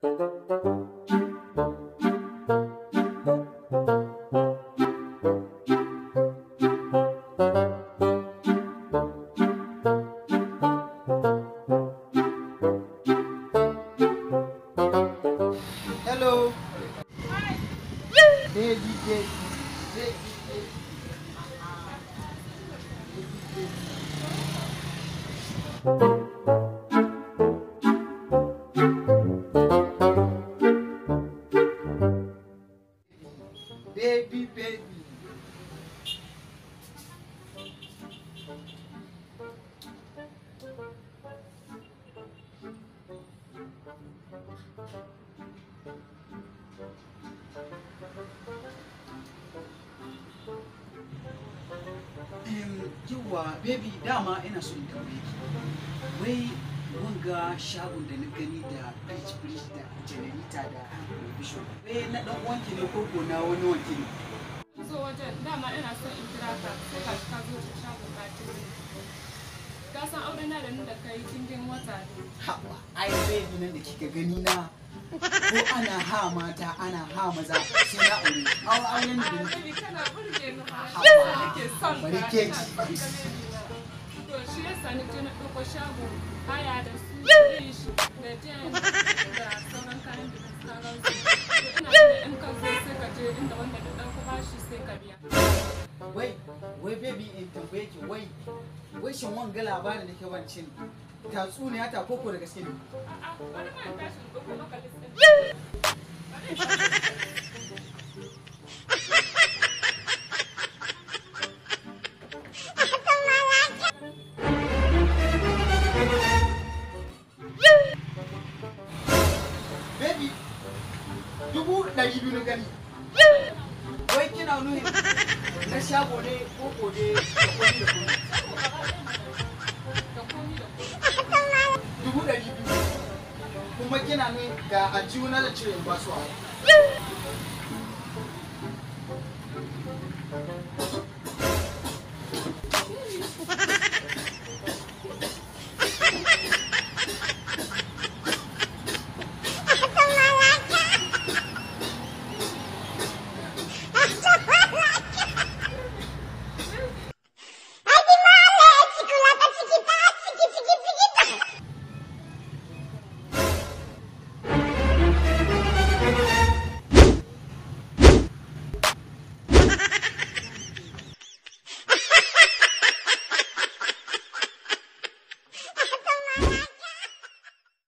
Hello. Thank you. baby, baby. Um, are baby dama ina son tambaye baby. Mun ga shagon da na gani da bridge bridge da generator da provision eh na dan wanki ne ko ko na wani wanki ne zo wajen dama ina son in kira ka sai ka ka zo ta shagon ka ce ka san aure na da ni da kai cikin wata ne ha ai baby nan da kika gani na ko ana ha mata ana ha maza sai na aure au auren da ni kana burge ni ha ba ke son ka shi ya sani je na ɗauko shago haya da su fish da jen da su da inda wanda ka sai ka biya wai wai baby in eh, tambaye ki wai wai shin wanga labarin da ke wancin tatsuniya ta koko da gaske ne a'a wani ma maka wai kina nuhin shago ne ko ko ne dubu ɗari biyu kuma kina nuhin ga ajiyu na da cire basuwa